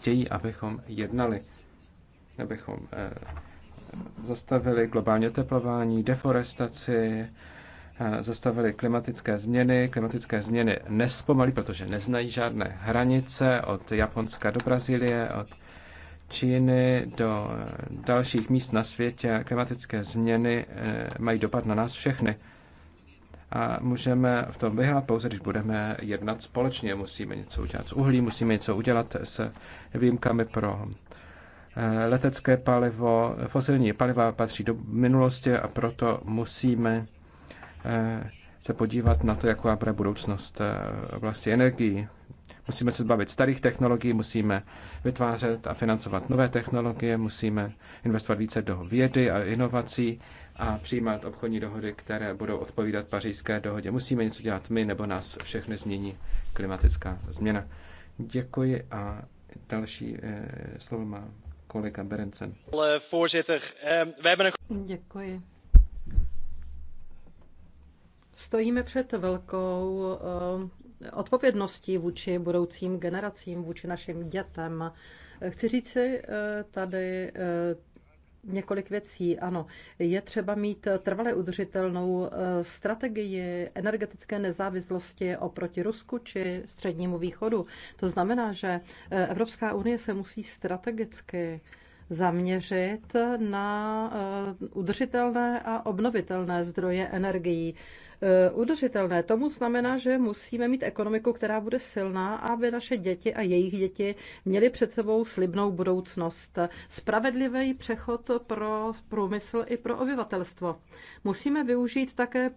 chtějí, abychom jednali, abychom eh, zastavili globální oteplování, deforestaci, eh, zastavili klimatické změny. Klimatické změny nespomalí, protože neznají žádné hranice od Japonska do Brazílie, od Číny do eh, dalších míst na světě. Klimatické změny mají dopad na nás všechny a můžeme v tom vyhrát pouze, když budeme jednat společně. Musíme něco udělat s uhlí, musíme něco udělat s výjimkami pro eh, letecké palivo. Fosilní paliva patří do minulosti a proto musíme eh, se podívat na to, jaká bude budoucnost vlastně energií. Musíme se zbavit starých technologií, musíme vytvářet a financovat nové technologie, musíme investovat více do vědy a inovací, a přijímat obchodní dohody, které budou odpovídat pařížské dohodě. Musíme něco dělat my, nebo nás všechny změní klimatická změna. Děkuji a další eh, slovo má kolega Berencen. Eh, Děkuji. Stojíme před velkou eh, odpovědností vůči budoucím generacím, vůči našim dětem. Chci říci eh, tady eh, několik věcí. Ano, je třeba mít trvale udržitelnou eh, strategii energetické nezávislosti oproti Rusku či Střednímu východu. To znamená, že eh, Evropská unie se musí strategicky zaměřit na eh, udržitelné a obnovitelné zdroje energií. Eh, udržitelné. Tomu znamená, že musíme mít ekonomiku, která bude silná, aby naše děti a jejich děti měly před sebou slibnou budoucnost. Spravedlivý přechod pro průmysl i pro obyvatelstvo. Musíme využít také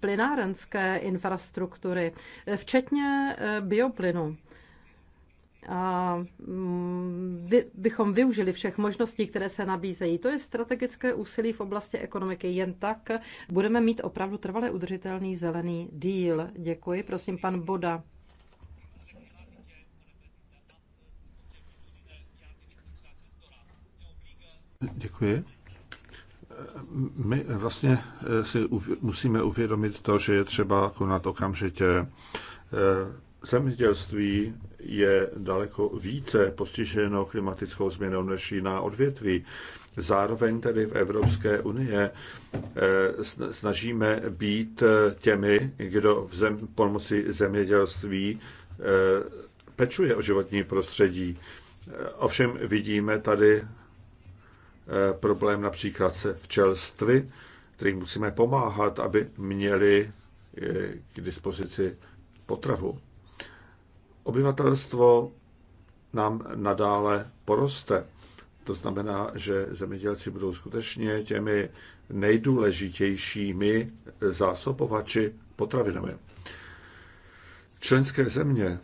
plynárenské infrastruktury, eh, včetně eh, bioplynu a mm, bychom využili všech možností, které se nabízejí. To je strategické úsilí v oblasti ekonomiky. Jen tak budeme mít opravdu trvale udržitelný zelený díl. Děkuji. Prosím, pan Boda. Děkuji. My vlastně si musíme uvědomit to, že je třeba konat okamžitě. Zemědělství je daleko více postiženo klimatickou změnou než jiná odvětví. Zároveň tedy v Evropské unie eh, snažíme být eh, těmi, kdo v zem, pomocí zemědělství eh, pečuje o životní prostředí. Ovšem vidíme tady problém například se včelstvy, kterým musíme pomáhat, aby měli k dispozici potravu. Obyvatelstvo nám nadále poroste. To znamená, že zemědělci budou skutečně těmi nejdůležitějšími zásobovači potravinami. Členské země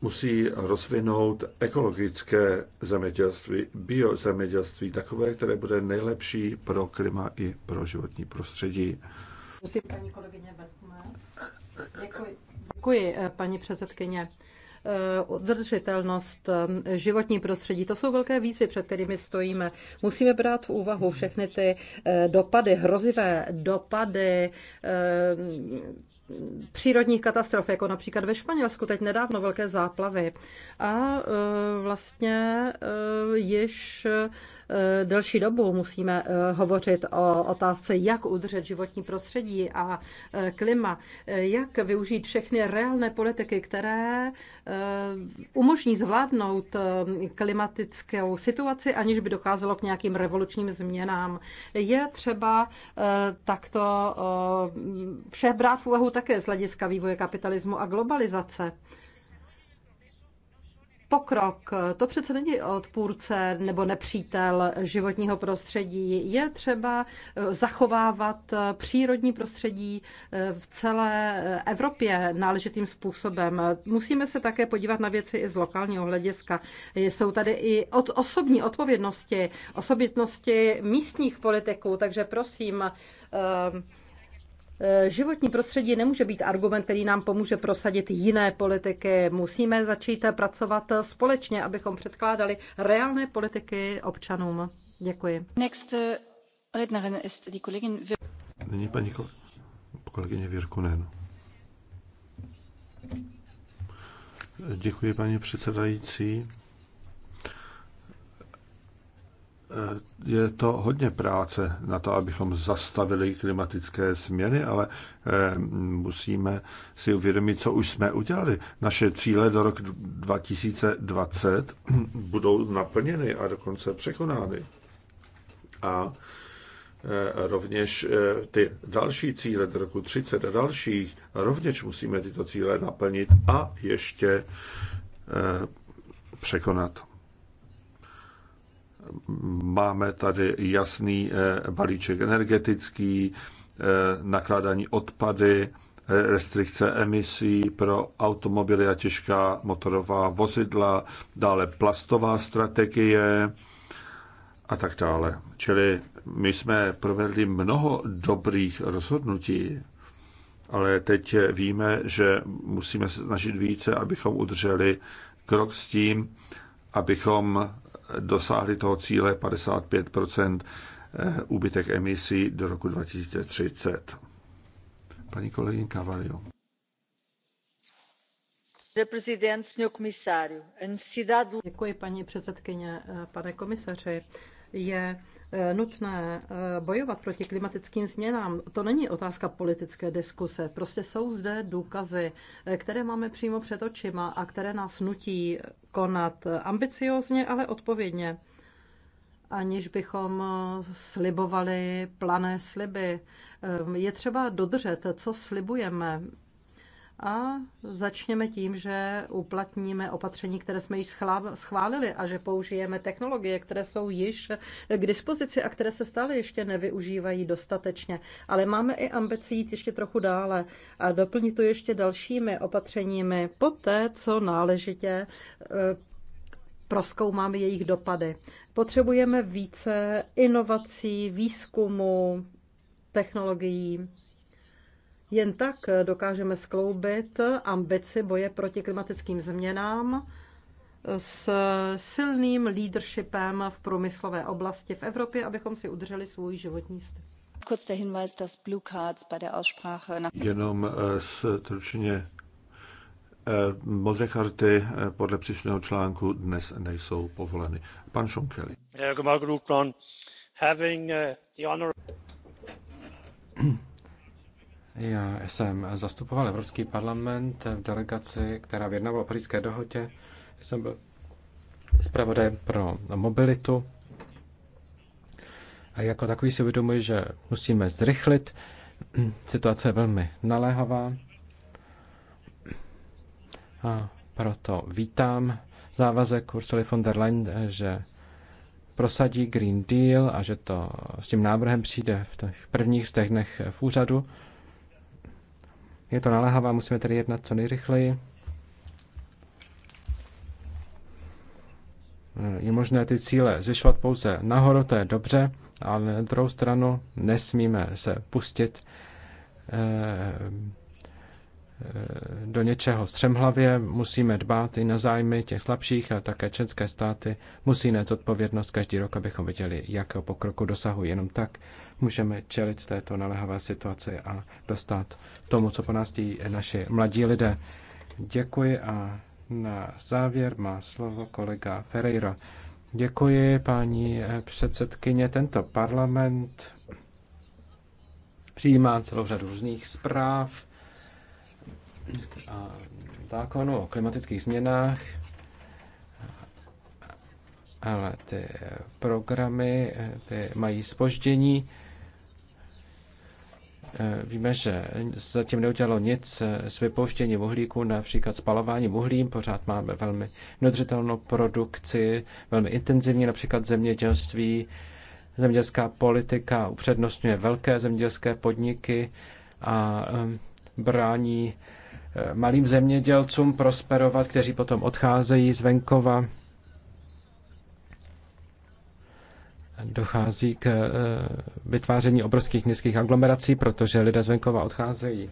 musí rozvinout ekologické zemědělství, biozemědělství, takové, které bude nejlepší pro klima i pro životní prostředí. Musí paní kolegyně Bertmann. Děkuji. Děkuji, eh, paní předsedkyně eh, udržitelnost, eh, životní prostředí. To jsou velké výzvy, před kterými stojíme. Musíme brát v úvahu všechny ty dopady, hrozivé dopady přírodních katastrof, jako například ve Španělsku teď nedávno velké záplavy. A vlastně již Eh, delší dobu musíme eh, hovořit o otázce, jak udržet životní prostředí a eh, klima, jak využít všechny reálné politiky, které umožní zvládnout klimatickou situaci, aniž by docházelo k nějakým revolučním změnám. Je třeba takto vše brát v úvahu také z hlediska vývoje kapitalismu a globalizace pokrok. To přece není odpůrce nebo nepřítel životního prostředí. Je třeba eh, zachovávat eh, přírodní prostředí eh, v celé Evropě náležitým způsobem. Musíme se také podívat na věci i z lokálního hlediska. Jsou tady i od osobní odpovědnosti, osobitnosti místních politiků, takže prosím, Eh, životní prostředí nemůže být argument, který nám pomůže prosadit jiné politiky. Musíme začít pracovat společně, abychom předkládali reálné politiky občanům. Děkuji. Next eh, rednerin ist die Kollegin Nyní paní kolegyně Virkunen. Děkuji, paní předsedající. je to hodně práce na to, abychom zastavili klimatické změny, ale eh, musíme si uvědomit, co už jsme udělali. Naše cíle do roku 2020 budou naplněny a dokonce překonány. A eh, rovněž eh, ty další cíle do roku 30 a dalších, rovněž musíme tyto cíle naplnit a ještě překonat. Máme tady jasný eh, balíček energetický, eh, nakládání odpady, eh, restrikce emisí pro automobily a těžká motorová vozidla, dále plastová strategie a tak dále. Čili my jsme provedli mnoho dobrých rozhodnutí, ale teď víme, že musíme se snažit více, abychom udrželi krok s tím, abychom dosáhli toho cíle 55 eh, úbytek emisí do roku 2030. Paní kolegyně Cavalio. Děkuji, paní předsedkyně, eh, pane komisaři. Je Eh, nutné eh, bojovat proti klimatickým změnám, to není otázka politické diskuse. Prostě jsou zde důkazy, eh, které máme přímo před očima a které nás nutí konat ambiciozně, ale odpovědně. Aniž bychom slibovali plané sliby. Je třeba dodržet, co slibujeme a začněme tím, že uplatníme opatření, které jsme již schválili a že použijeme technologie, které jsou již k dispozici a které se stále ještě nevyužívají dostatečně. Ale máme i ambici jít ještě trochu dále a doplnit to ještě dalšími opatřeními poté, co náležitě e, proskoumáme jejich dopady. Potřebujeme více inovací, výzkumu, technologií jen tak dokážeme skloubit ambici boje proti klimatickým změnám s silným leadershipem v průmyslové oblasti v Evropě, abychom si udrželi svůj životní styl. Jenom eh, stručně. Eh, Modré karty eh, podle příslušného článku dnes nejsou povoleny. Pan Šonkeli. Já jsem zastupoval Evropský parlament v delegaci, která vyjednávala o pařížské dohodě. Jsem byl zpravodajem pro mobilitu. A jako takový si uvědomuji, že musíme zrychlit. Situace je velmi naléhavá. A proto vítám závazek Ursula von der Leyen, že prosadí Green Deal a že to s tím návrhem přijde v těch prvních stehnech v úřadu. Je to naléhavá, musíme tedy jednat co nejrychleji. Je možné ty cíle zvyšovat pouze nahoru, to je dobře, ale na druhou stranu nesmíme se pustit eh, do něčeho střemhlavě, musíme dbát i na zájmy těch slabších a také české státy musí nést odpovědnost každý rok, abychom viděli, jakého pokroku dosahují. Jenom tak můžeme čelit této naléhavé situaci a dostat tomu, co po nás tí naši mladí lidé. Děkuji a na závěr má slovo kolega Ferreira. Děkuji, paní předsedkyně. Tento parlament přijímá celou řadu různých zpráv, zákonu o klimatických změnách, ale ty programy ty mají spoždění. Víme, že zatím neudělalo nic s vypouštěním uhlíku, například spalování uhlím. Pořád máme velmi nedržitelnou produkci, velmi intenzivní například zemědělství. Zemědělská politika upřednostňuje velké zemědělské podniky a um, brání Eh, malým zemědělcům prosperovat, kteří potom odcházejí z venkova. Dochází k eh, vytváření obrovských městských aglomerací, protože lidé z venkova odcházejí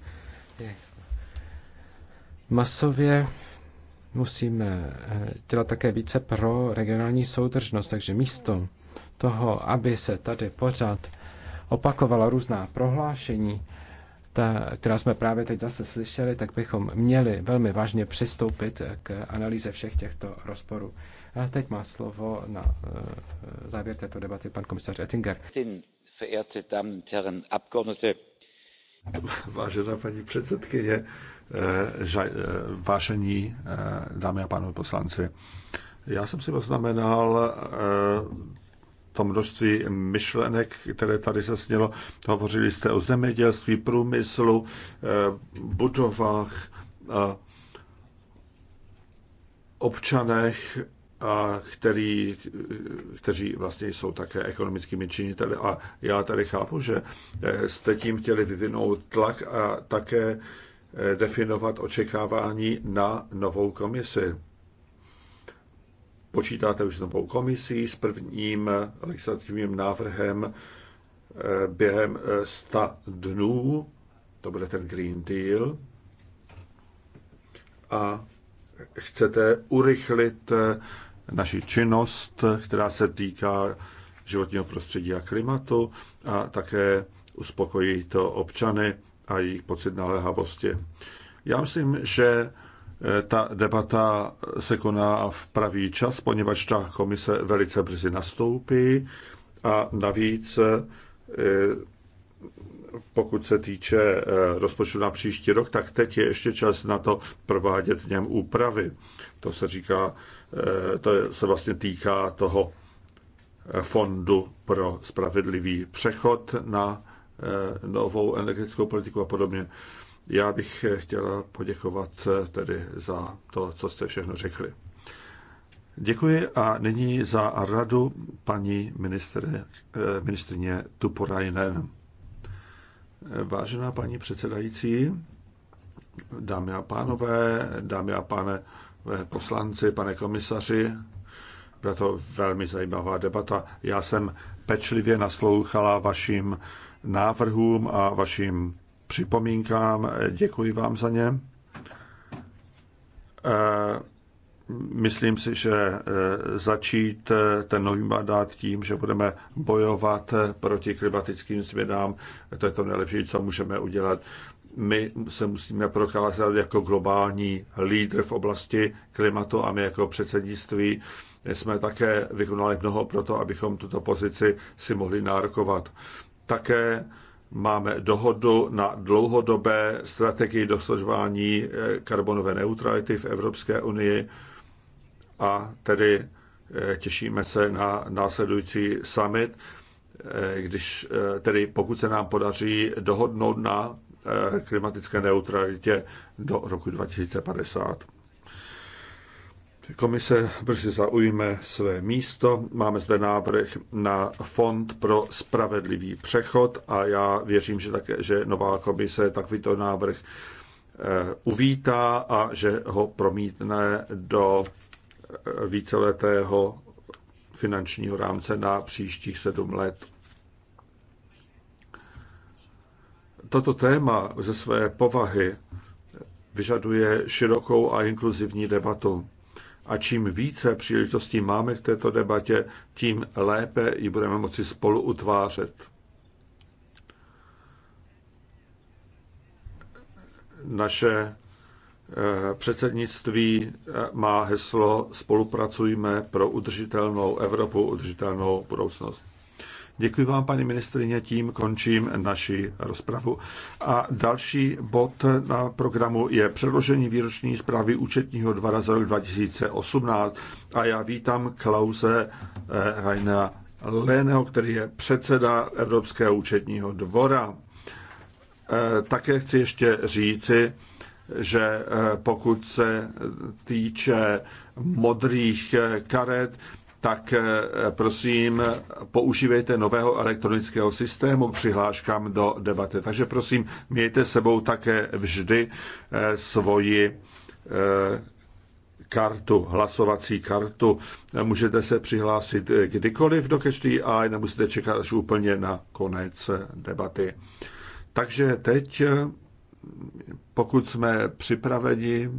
masově. Musíme eh, dělat také více pro regionální soudržnost, takže místo toho, aby se tady pořád opakovala různá prohlášení, ta, která jsme právě teď zase slyšeli, tak bychom měli velmi vážně přistoupit k analýze všech těchto rozporů. A teď má slovo na eh, závěr této debaty pan komisař Ettinger. Vážená paní předsedkyně, eh, eh, vážení dámy a pánové poslanci, já jsem si poznamenal to množství myšlenek, které tady snělo. Hovořili jste o zemědělství, průmyslu, eh, budovách, občanech, a který, kteří vlastně jsou také ekonomickými činiteli. A já tady chápu, že eh, jste tím chtěli vyvinout tlak a také eh, definovat očekávání na novou komisi. Počítáte už s novou komisí, s prvním legislativním návrhem eh, během 100 eh, dnů, to bude ten Green Deal, a chcete urychlit eh, naši činnost, která se týká životního prostředí a klimatu a také uspokojí to občany a jejich pocit naléhavosti. Já myslím, že Eh, ta debata se koná v pravý čas, poněvadž ta komise velice brzy nastoupí a navíc eh, pokud se týče eh, rozpočtu na příští rok, tak teď je ještě čas na to provádět v něm úpravy. To se říká, to se vlastně týká toho fondu pro spravedlivý přechod na novou energetickou politiku a podobně. Já bych chtěla poděkovat eh, tedy za to, co jste všechno řekli. Děkuji a nyní za radu paní ministrině eh, Tuporajnen. Vážená paní předsedající, dámy a pánové, dámy a pane eh, poslanci, pane komisaři, byla to velmi zajímavá debata. Já jsem pečlivě naslouchala vašim návrhům a vašim připomínkám. Děkuji vám za ně. Eh, myslím si, že eh, začít eh, ten nový mandát tím, že budeme bojovat proti klimatickým změnám, to je to nejlepší, co můžeme udělat. My se musíme prokázat jako globální lídr v oblasti klimatu a my jako předsednictví jsme také vykonali mnoho pro to, abychom tuto pozici si mohli nárokovat. Také máme dohodu na dlouhodobé strategii dosažování eh, karbonové neutrality v Evropské unii a tedy eh, těšíme se na následující summit, eh, když tedy pokud se nám podaří dohodnout na klimatické neutralitě do roku 2050. Komise brzy zaujme své místo. Máme zde návrh na Fond pro spravedlivý přechod a já věřím, že, také, že nová komise takovýto návrh eh, uvítá a že ho promítne do eh, víceletého finančního rámce na příštích sedm let. Toto téma ze své povahy vyžaduje širokou a inkluzivní debatu a čím více příležitostí máme k této debatě, tím lépe ji budeme moci spolu utvářet. Naše eh, předsednictví eh, má heslo Spolupracujme pro udržitelnou Evropu, udržitelnou budoucnost. Děkuji vám, paní ministrině, tím končím naši rozpravu. A další bod na programu je předložení výroční zprávy účetního dvora za rok 2018. A já vítám Klause eh, Reina Leného, který je předseda Evropského účetního dvora. Eh, také chci ještě říci, že eh, pokud se týče modrých karet, tak eh, prosím používejte nového elektronického systému přihláškám do debaty. Takže prosím, mějte sebou také vždy eh, svoji eh, kartu, hlasovací kartu. Můžete se přihlásit kdykoliv do Catchy a nemusíte čekat až úplně na konec debaty. Takže teď, pokud jsme připraveni,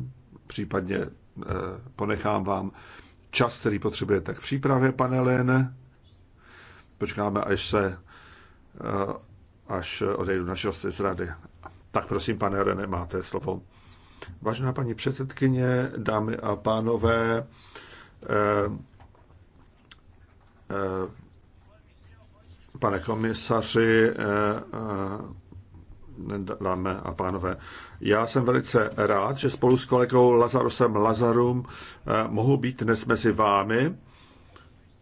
případně ponechám vám čas, který potřebujete k přípravě panelen. Počkáme, až se eh, až odejdu naši hosty z rady. Tak prosím, pane Rene, máte slovo. Vážená paní předsedkyně, dámy a pánové, eh, eh, pane komisaři, dáme a pánové. Já jsem velice rád, že spolu s kolegou Lazarusem Lazarum eh, mohu být dnes mezi vámi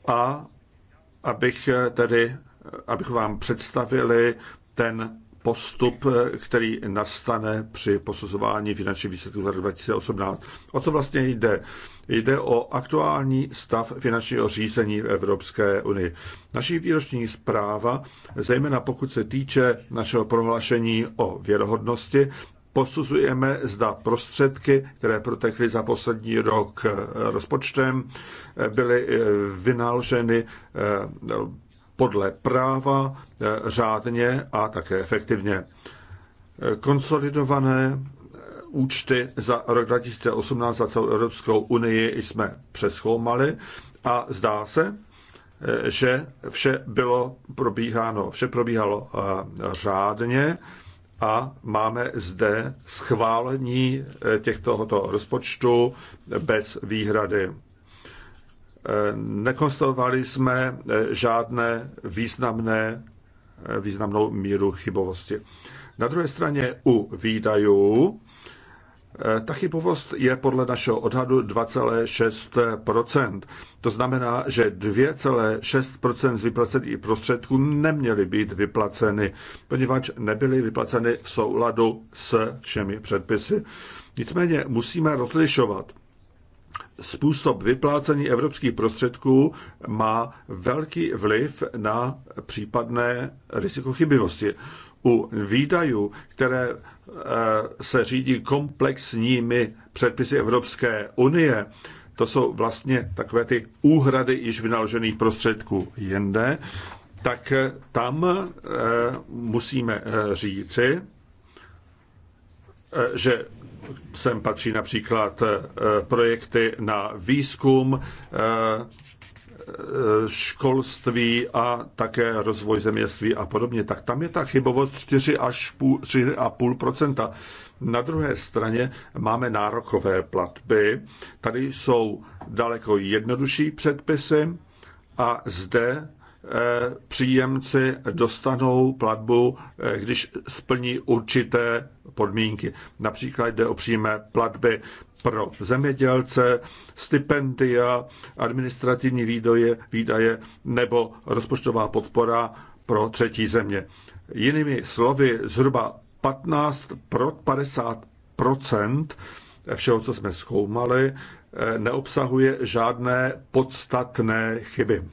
a abych eh, tedy, eh, abych vám představili ten postup, který nastane při posuzování finančních výsledků za 2018. O co vlastně jde? Jde o aktuální stav finančního řízení v Evropské unii. Naší výroční zpráva, zejména pokud se týče našeho prohlášení o věrohodnosti, posuzujeme, zda prostředky, které protekly za poslední rok rozpočtem, byly vynaloženy eh, podle práva eh, řádně a také efektivně. Eh, konsolidované eh, účty za rok 2018 za celou Evropskou unii jsme přeschoumali a zdá se, že vše bylo probíháno, vše probíhalo řádně a máme zde schválení těchto rozpočtu bez výhrady nekonstatovali jsme eh, žádné významné, eh, významnou míru chybovosti. Na druhé straně u výdajů eh, ta chybovost je podle našeho odhadu 2,6 To znamená, že 2,6 z vyplacených prostředků neměly být vyplaceny, poněvadž nebyly vyplaceny v souladu s všemi předpisy. Nicméně musíme rozlišovat způsob vyplácení evropských prostředků má velký vliv na případné riziko chybivosti. U výdajů, které eh, se řídí komplexními předpisy Evropské unie, to jsou vlastně takové ty úhrady již vynaložených prostředků jinde, tak eh, tam eh, musíme říci, že sem patří například eh, projekty na výzkum, eh, eh, školství a také rozvoj zeměství a podobně, tak tam je ta chybovost 4 až 3,5 Na druhé straně máme nárokové platby. Tady jsou daleko jednodušší předpisy a zde příjemci dostanou platbu, eh, když splní určité podmínky. Například jde o přímé platby pro zemědělce, stipendia, administrativní výdaje, výdaje nebo rozpočtová podpora pro třetí země. Jinými slovy, zhruba 15 pro 50 všeho, co jsme zkoumali, eh, neobsahuje žádné podstatné chyby.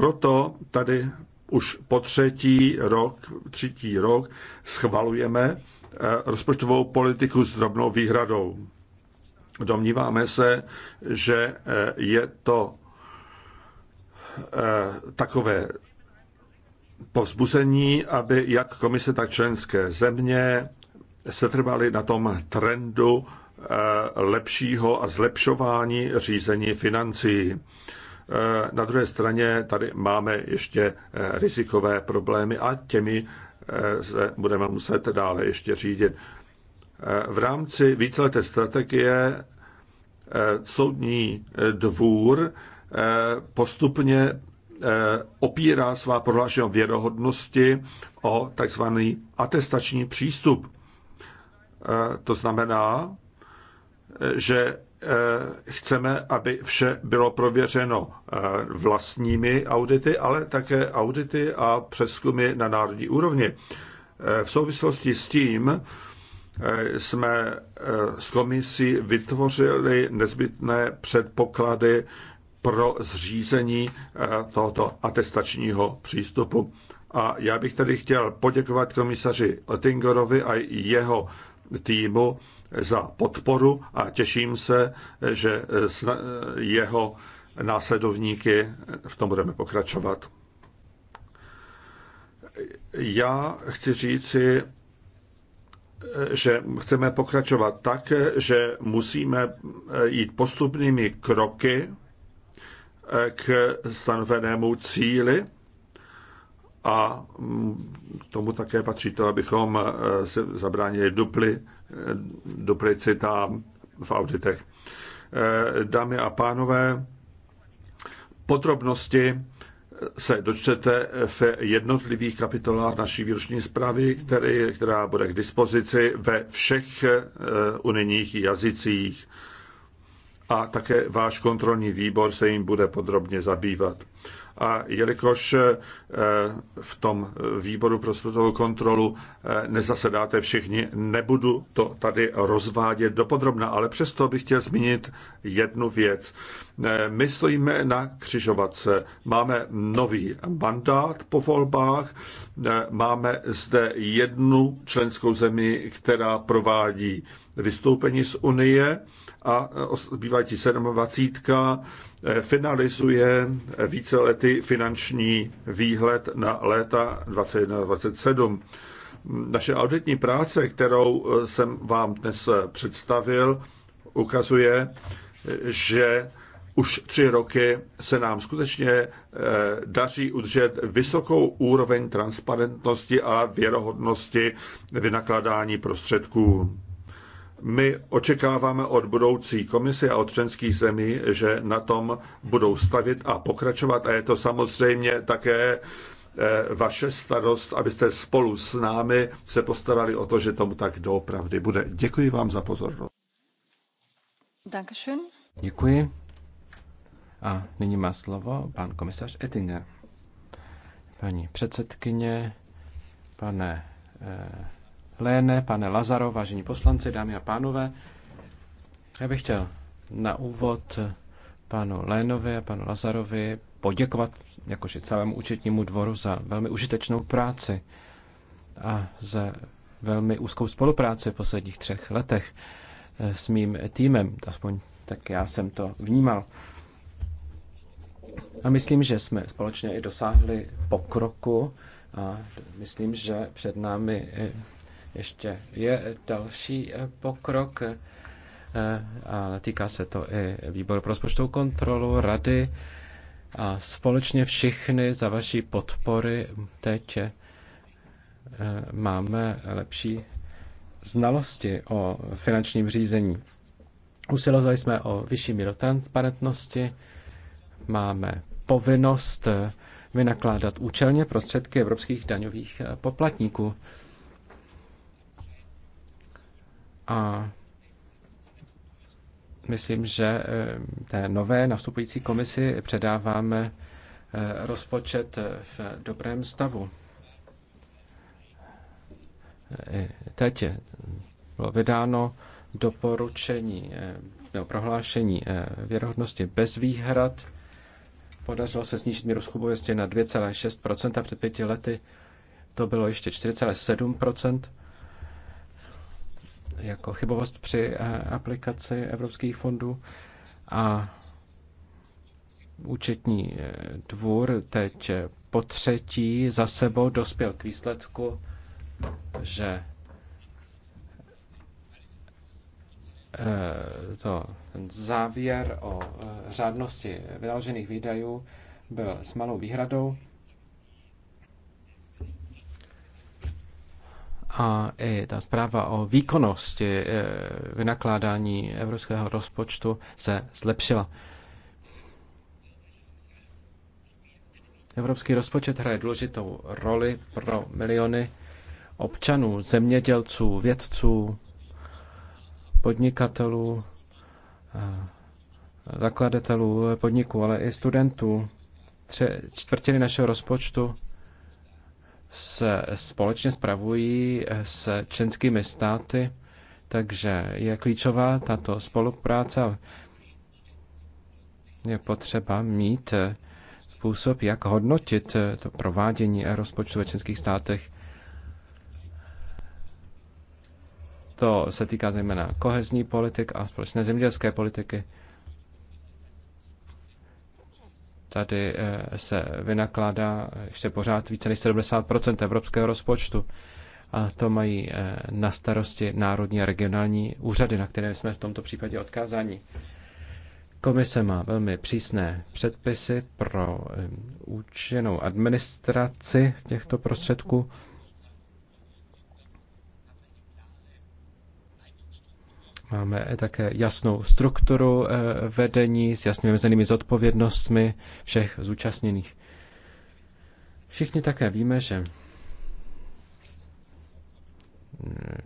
Proto tady už po třetí rok, třetí rok schvalujeme eh, rozpočtovou politiku s drobnou výhradou. Domníváme se, že eh, je to eh, takové povzbuzení, aby jak komise, tak členské země se trvaly na tom trendu lepšího a zlepšování řízení financí. Eh, na druhé straně tady máme ještě eh, rizikové problémy a těmi eh, se budeme muset dále ještě řídit. V rámci víceleté strategie soudní dvůr postupně opírá svá prohlášení o věrohodnosti o takzvaný atestační přístup. To znamená, že Eh, chceme, aby vše bylo prověřeno eh, vlastními audity, ale také audity a přeskumy na národní úrovni. Eh, v souvislosti s tím jsme s komisí vytvořili nezbytné předpoklady pro zřízení tohoto atestačního přístupu. A já bych tady chtěl poděkovat komisaři Oettingerovi a jeho týmu za podporu a těším se, že jeho následovníky v tom budeme pokračovat. Já chci říci, že chceme pokračovat tak, že musíme jít postupnými kroky k stanovenému cíli a mm, tomu také patří to, abychom eh, se zabránili dupli, eh, duplicita v auditech. Eh, dámy a pánové, podrobnosti se dočtete v jednotlivých kapitolách naší výroční zprávy, který, která bude k dispozici ve všech unijních jazycích. A také váš kontrolní výbor se jim bude podrobně zabývat a jelikož eh, v tom výboru pro světovou kontrolu eh, nezasedáte všichni, nebudu to tady rozvádět dopodrobna, ale přesto bych chtěl zmínit jednu věc. Eh, my stojíme na křižovatce. Máme nový mandát po volbách, máme zde jednu členskou zemi, která provádí vystoupení z Unie a zbývající 27 finalizuje víceletý finanční výhled na léta 2021-2027. Naše auditní práce, kterou jsem vám dnes představil, ukazuje, že už tři roky se nám skutečně eh, daří udržet vysokou úroveň transparentnosti a věrohodnosti vynakládání prostředků. My očekáváme od budoucí komise a od členských zemí, že na tom budou stavit a pokračovat. A je to samozřejmě také eh, vaše starost, abyste spolu s námi se postarali o to, že tomu tak doopravdy bude. Děkuji vám za pozornost. Dankeschön. Děkuji. A nyní má slovo pan komisař Ettinger. Paní předsedkyně, pane eh, Léne, pane Lazaro, vážení poslanci, dámy a pánové. Já bych chtěl na úvod panu Lénovi a panu Lazarovi poděkovat, jakože celému účetnímu dvoru, za velmi užitečnou práci a za velmi úzkou spolupráci v posledních třech letech eh, s mým týmem, aspoň tak já jsem to vnímal. A myslím, že jsme společně i dosáhli pokroku a myslím, že před námi eh, ještě je další eh, pokrok, eh, ale týká se to i výboru pro rozpočtovou kontrolu, rady a společně všichni za vaší podpory teď eh, máme lepší znalosti o finančním řízení. Usilovali jsme o vyšší míru transparentnosti, máme povinnost vynakládat účelně prostředky evropských daňových poplatníků. A myslím, že eh, té nové nastupující komisi předáváme eh, rozpočet eh, v dobrém stavu. Teď bylo vydáno doporučení nebo prohlášení věrohodnosti bez výhrad. Podařilo se snížit míru schubovosti na 2,6 před pěti lety. To bylo ještě 4,7 jako chybovost při eh, aplikaci evropských fondů a účetní eh, dvůr teď po třetí za sebou dospěl k výsledku, že eh, to, ten závěr o řádnosti vynaložených výdajů byl s malou výhradou A i ta zpráva o výkonnosti e, vynakládání evropského rozpočtu se zlepšila. Evropský rozpočet hraje důležitou roli pro miliony občanů, zemědělců, vědců, podnikatelů, e, zakladatelů podniků, ale i studentů. Tři čtvrtiny našeho rozpočtu se společně spravují s členskými státy, takže je klíčová tato spolupráce. Je potřeba mít způsob, jak hodnotit to provádění rozpočtu ve členských státech. To se týká zejména kohezní politik a společné zemědělské politiky. Tady eh, se vynakládá ještě pořád více než 70 evropského rozpočtu a to mají eh, na starosti národní a regionální úřady, na které jsme v tomto případě odkázáni. Komise má velmi přísné předpisy pro eh, účinnou administraci těchto prostředků Máme také jasnou strukturu eh, vedení s jasně vymezenými zodpovědnostmi všech zúčastněných. Všichni také víme, že eh,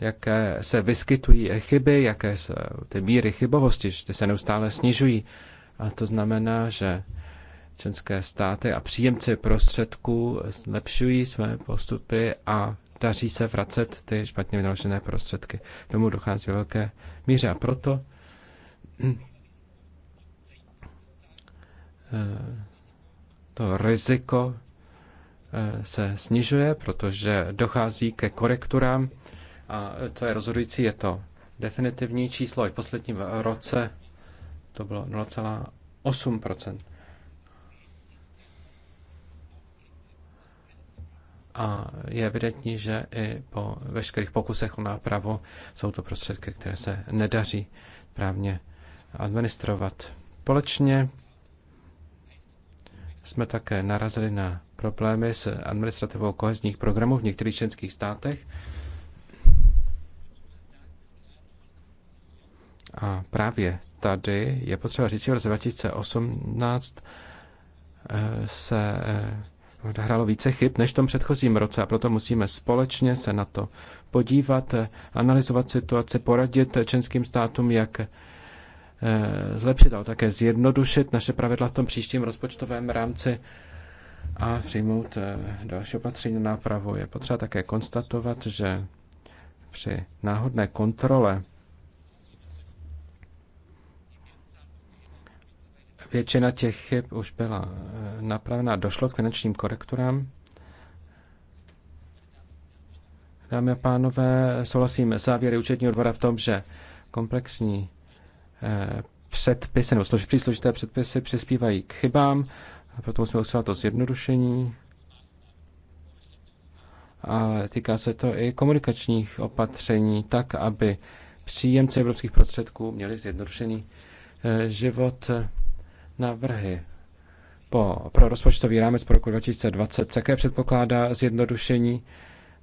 jaké se vyskytují chyby, jaké jsou ty míry chybovosti, že ty se neustále snižují. A to znamená, že členské státy a příjemci prostředků zlepšují své postupy a daří se vracet ty špatně vynaložené prostředky. Domů dochází ve velké míře a proto eh, to riziko eh, se snižuje, protože dochází ke korekturám a eh, co je rozhodující, je to definitivní číslo. I v posledním roce to bylo 0,8 a je evidentní, že i po veškerých pokusech o nápravu jsou to prostředky, které se nedaří právně administrovat. Společně jsme také narazili na problémy s administrativou kohezních programů v některých členských státech. A právě tady je potřeba říct, že v roce 2018 eh, se eh, odehrálo více chyb než v tom předchozím roce a proto musíme společně se na to podívat, analyzovat situaci, poradit členským státům, jak eh, zlepšit, ale také zjednodušit naše pravidla v tom příštím rozpočtovém rámci a přijmout eh, další opatření na nápravu. Je potřeba také konstatovat, že při náhodné kontrole Většina těch chyb už byla eh, napravena. Došlo k finančním korekturám. Dámy a pánové, souhlasím závěry účetního dvora v tom, že komplexní eh, předpisy nebo slož, předpisy přispívají k chybám, a proto musíme usilovat o zjednodušení. Ale týká se to i komunikačních opatření, tak aby příjemci evropských prostředků měli zjednodušený eh, život návrhy po, pro rozpočtový rámec pro roku 2020 také předpokládá zjednodušení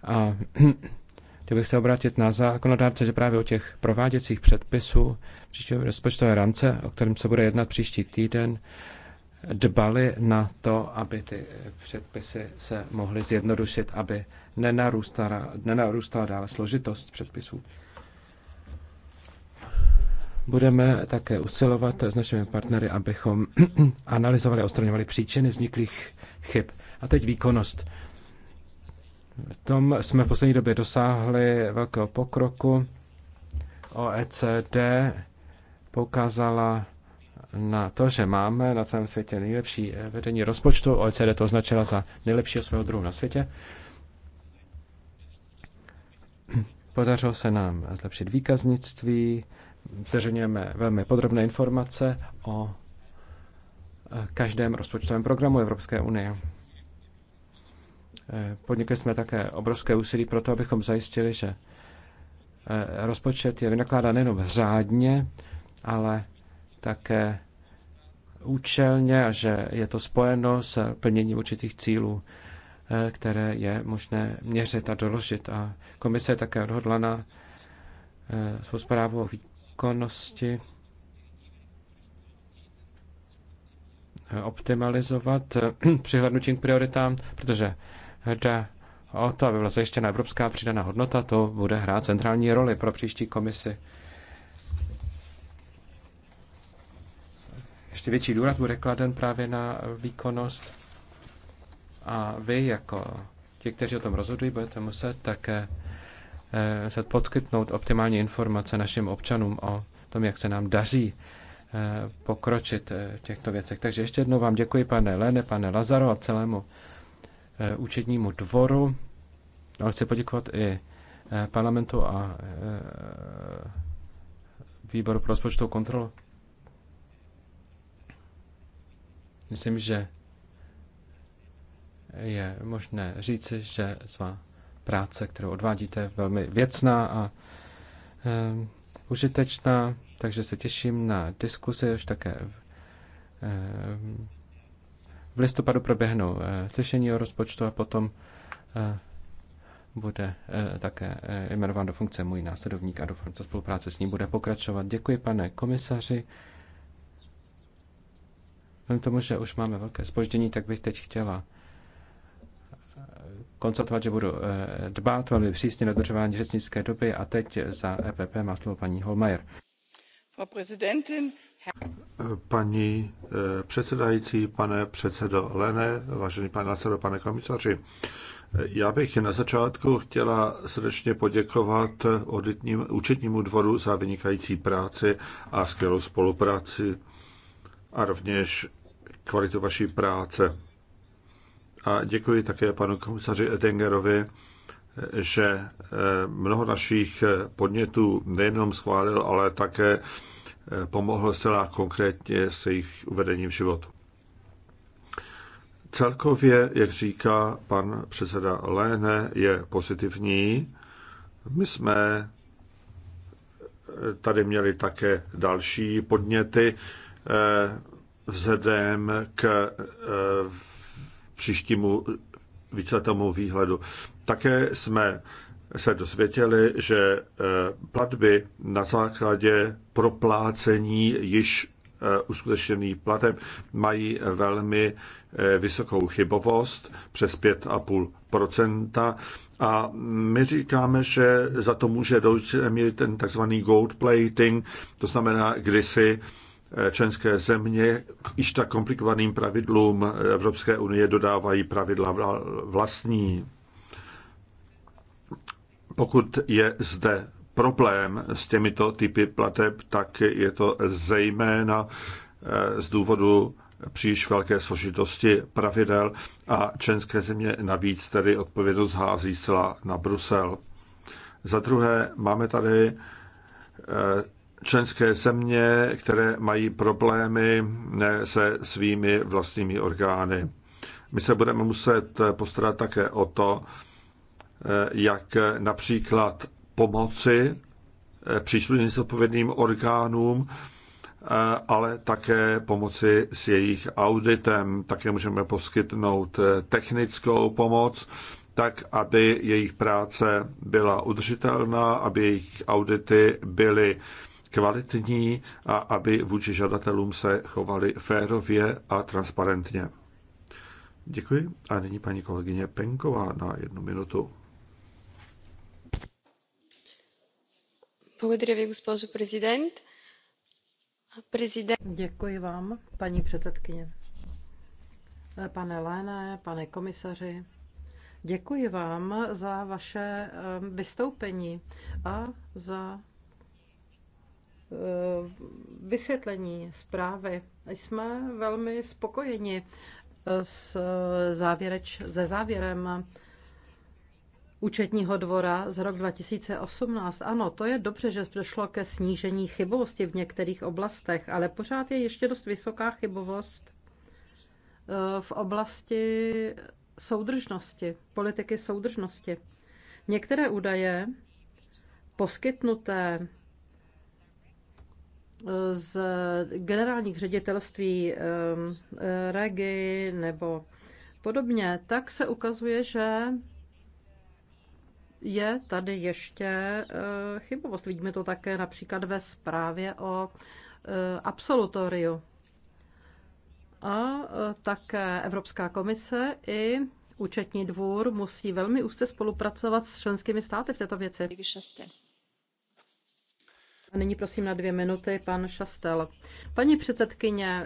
a chtěl bych se obrátit na zákonodárce, že právě o těch prováděcích předpisů příštího rozpočtové rámce, o kterém se bude jednat příští týden, dbali na to, aby ty předpisy se mohly zjednodušit, aby nenarůstala, nenarůstala dále složitost předpisů. Budeme také usilovat s našimi partnery, abychom analyzovali a odstraňovali příčiny vzniklých chyb. A teď výkonnost. V tom jsme v poslední době dosáhli velkého pokroku. OECD poukázala na to, že máme na celém světě nejlepší vedení rozpočtu. OECD to označila za nejlepšího svého druhu na světě. Podařilo se nám zlepšit výkaznictví, zveřejňujeme velmi podrobné informace o eh, každém rozpočtovém programu Evropské unie. Eh, podnikli jsme také obrovské úsilí pro to, abychom zajistili, že eh, rozpočet je vynakládán nejenom řádně, ale také účelně a že je to spojeno s plněním určitých cílů, které je možné měřit a doložit. A komise je také odhodlana svou zprávu výkonnosti optimalizovat přihlednutím k prioritám, protože jde o to, aby byla zajištěna evropská přidaná hodnota, to bude hrát centrální roli pro příští komisi. Ještě větší důraz bude kladen právě na výkonnost a vy jako ti, kteří o tom rozhodují, budete muset také Eh, se podkytnout optimální informace našim občanům o tom, jak se nám daří eh, pokročit eh, v těchto věcech. Takže ještě jednou vám děkuji, pane Lene, pane Lazaro a celému účetnímu dvoru. Ale chci poděkovat i parlamentu a výboru pro rozpočtovou kontrolu. Myslím, že je možné říci, že s vámi práce, kterou odvádíte, velmi věcná a e, užitečná, takže se těším na diskuzi, už také v, e, v listopadu proběhnou e, slyšení o rozpočtu a potom e, bude e, také e, jmenován do funkce můj následovník a doufám, že spolupráce s ním bude pokračovat. Děkuji, pane komisaři. Vzhledem tomu, že už máme velké spoždění, tak bych teď chtěla konstatovat, že budu eh, dbát velmi přísně na dodržování řečnické doby a teď za EPP má slovo paní Holmajer. Paní eh, předsedající, pane předsedo Lene, vážený pane Lacero, pane komisaři, eh, já bych na začátku chtěla srdečně poděkovat auditním, účetnímu dvoru za vynikající práci a skvělou spolupráci a rovněž kvalitu vaší práce. A děkuji také panu komisaři Ettingerovi, že eh, mnoho našich eh, podnětů nejenom schválil, ale také eh, pomohl zcela konkrétně s jejich uvedením v život. Celkově, jak říká pan předseda Léne, je pozitivní. My jsme tady měli také další podněty vzhledem k příštímu eh, víceletému výhledu. Také jsme se dozvěděli, že eh, platby na základě proplácení již eh, uskutečněný plateb mají velmi vysokou chybovost, přes 5,5%. A my říkáme, že za to může dojít ten takzvaný gold plating, to znamená, kdysi si členské země již tak komplikovaným pravidlům Evropské unie dodávají pravidla vlastní. Pokud je zde problém s těmito typy plateb, tak je to zejména eh, z důvodu příliš velké složitosti pravidel a členské země navíc tedy odpovědnost hází zcela na Brusel. Za druhé, máme tady eh, členské země, které mají problémy se svými vlastními orgány. My se budeme muset postarat také o to, eh, jak například pomoci eh, příslušným zodpovědným orgánům, eh, ale také pomoci s jejich auditem. Také můžeme poskytnout technickou pomoc, tak aby jejich práce byla udržitelná, aby jejich audity byly kvalitní a aby vůči žadatelům se chovali férově a transparentně. Děkuji. A nyní paní kolegyně Penková na jednu minutu. Děkuji vám, paní předsedkyně. Pane Léne, pane komisaři, děkuji vám za vaše eh, vystoupení a za Eh, vysvětlení zprávy. Jsme velmi spokojeni eh, s eh, závěreč, se závěrem účetního dvora z rok 2018. Ano, to je dobře, že došlo ke snížení chybovosti v některých oblastech, ale pořád je ještě dost vysoká chybovost v oblasti soudržnosti, politiky soudržnosti. Některé údaje poskytnuté z generálních ředitelství eh, Regi nebo podobně, tak se ukazuje, že je tady ještě eh, chybovost. Vidíme to také například ve zprávě o eh, absolutoriu. A také Evropská komise i účetní dvůr musí velmi úzce spolupracovat s členskými státy v této věci. A nyní prosím na dvě minuty pan Šastel. Paní předsedkyně,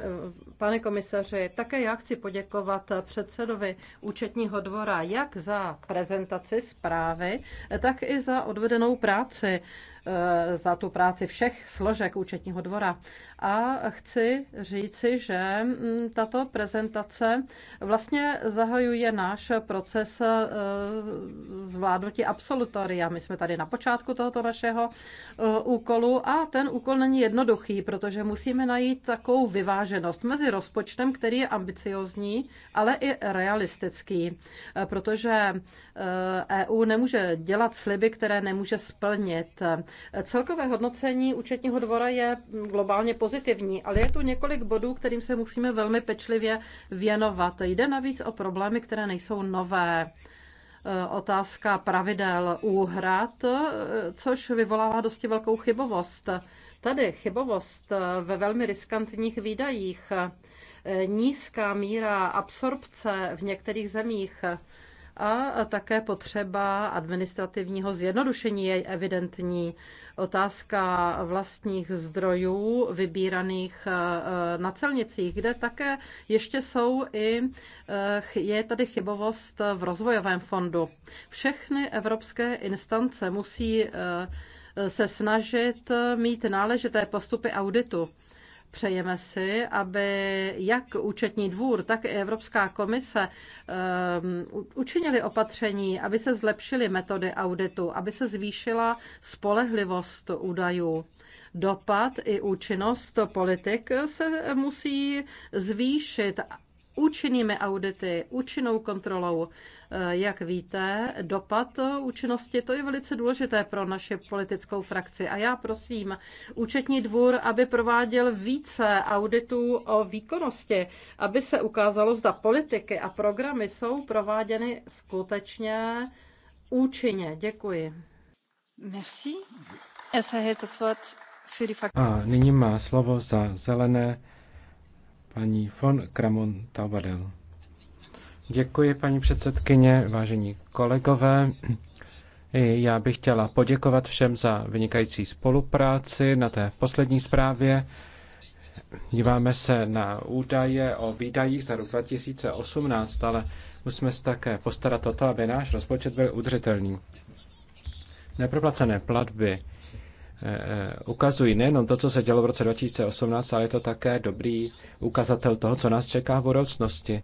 pane komisaři, také já chci poděkovat předsedovi účetního dvora jak za prezentaci zprávy, tak i za odvedenou práci. Eh, za tu práci všech složek účetního dvora. A chci říci, že mm, tato prezentace vlastně zahajuje náš proces eh, zvládnutí absolutoria. My jsme tady na počátku tohoto našeho eh, úkolu a ten úkol není jednoduchý, protože musíme najít takovou vyváženost mezi rozpočtem, který je ambiciozní, ale i realistický, protože EU e nemůže dělat sliby, které nemůže splnit. Celkové hodnocení účetního dvora je globálně pozitivní, ale je tu několik bodů, kterým se musíme velmi pečlivě věnovat. Jde navíc o problémy, které nejsou nové eh, otázka pravidel úhrad, eh, což vyvolává dosti velkou chybovost. Tady chybovost eh, ve velmi riskantních výdajích, nízká míra absorpce v některých zemích a také potřeba administrativního zjednodušení je evidentní. Otázka vlastních zdrojů vybíraných eh, na celnicích, kde také ještě jsou i, eh, je tady chybovost v rozvojovém fondu. Všechny evropské instance musí eh, se snažit mít náležité postupy auditu Přejeme si, aby jak účetní dvůr, tak i Evropská komise ehm, učinili opatření, aby se zlepšily metody auditu, aby se zvýšila spolehlivost údajů dopad i účinnost politik se musí zvýšit účinnými audity, účinnou kontrolou. Eh, jak víte, dopad účinnosti, to je velice důležité pro naši politickou frakci. A já prosím účetní dvůr, aby prováděl více auditů o výkonnosti, aby se ukázalo, zda politiky a programy jsou prováděny skutečně účinně. Děkuji. Merci. A nyní má slovo za zelené paní von Kramon Taubadel. Děkuji, paní předsedkyně, vážení kolegové. Já bych chtěla poděkovat všem za vynikající spolupráci na té poslední zprávě. Díváme se na údaje o výdajích za rok 2018, ale musíme se také postarat o to, aby náš rozpočet byl udržitelný. Neproplacené platby Eh, eh, ukazují nejenom to, co se dělo v roce 2018, ale je to také dobrý ukazatel toho, co nás čeká v budoucnosti.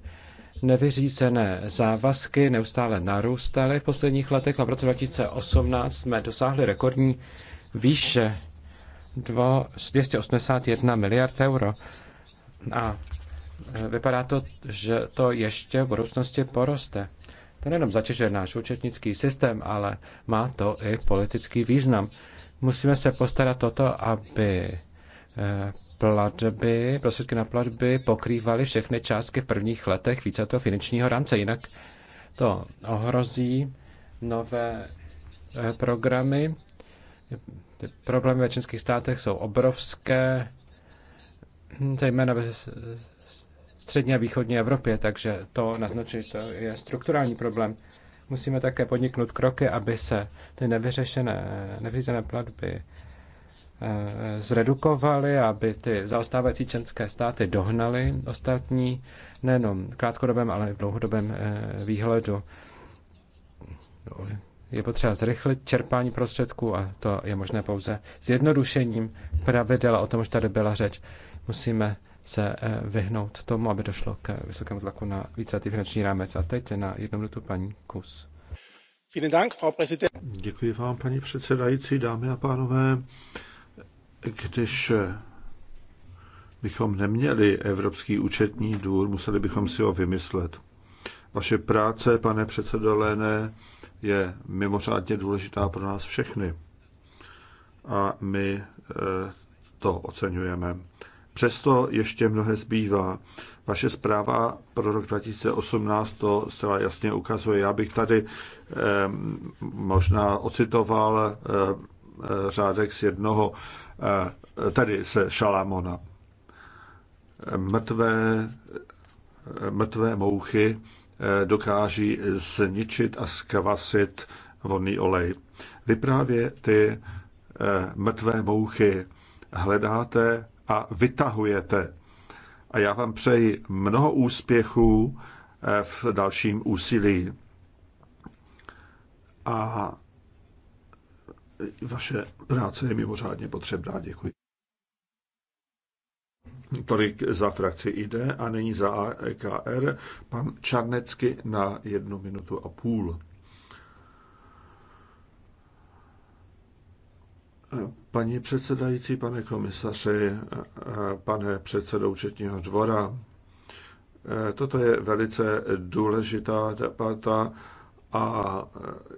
Nevyřízené závazky neustále narůstaly v posledních letech a v roce 2018 jsme dosáhli rekordní výše 281 miliard euro. A eh, vypadá to, že to ještě v budoucnosti poroste. To nejenom zatěžuje náš účetnický systém, ale má to i politický význam. Musíme se postarat o to, aby eh, platby, prostředky na platby pokrývaly všechny částky v prvních letech toho finančního rámce, jinak to ohrozí nové eh, programy. Ty problémy ve členských státech jsou obrovské, zejména ve střední a východní Evropě, takže to naznačuje, že to je strukturální problém. Musíme také podniknout kroky, aby se ty nevyřešené, nevyřízené platby eh, zredukovaly, aby ty zaostávající členské státy dohnaly ostatní, nejenom v krátkodobém, ale i v dlouhodobém eh, výhledu. Je potřeba zrychlit čerpání prostředků a to je možné pouze zjednodušením pravidel, o tom už tady byla řeč. Musíme se eh, vyhnout tomu, aby došlo k eh, vysokému tlaku na ty finanční rámec. A teď na jednu minutu paní Kus. Děkuji vám, paní předsedající, dámy a pánové. Když eh, bychom neměli Evropský účetní důr, museli bychom si ho vymyslet. Vaše práce, pane předsedo Léne, je mimořádně důležitá pro nás všechny. A my to oceňujeme. Přesto ještě mnohé zbývá. Vaše zpráva pro rok 2018 to zcela jasně ukazuje. Já bych tady eh, možná ocitoval eh, eh řádek z jednoho, eh, tady se Šalamona. Mrtvé, eh, mrtvé mouchy eh, dokáží zničit a skvasit vonný olej. Vy právě ty eh, mrtvé mouchy hledáte a vytahujete. A já vám přeji mnoho úspěchů eh, v dalším úsilí. A vaše práce je mimořádně potřebná. Děkuji. Tolik za frakci ID a nyní za AKR pan Čarnecky na jednu minutu a půl. Paní předsedající, pane komisaři, pane předsedo účetního dvora, toto je velice důležitá debata a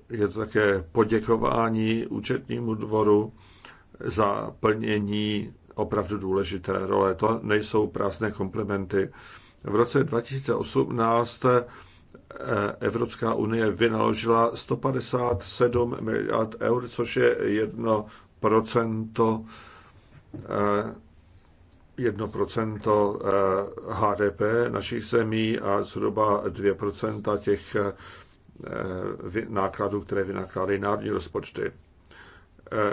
je to také poděkování účetnímu dvoru za plnění opravdu důležité role. To nejsou prázdné komplementy. V roce 2018 Evropská unie vynaložila 157 miliard eur, což je jedno procento eh, jedno procento HDP eh, našich zemí a zhruba 2% těch eh, nákladů, které vynakládají národní rozpočty.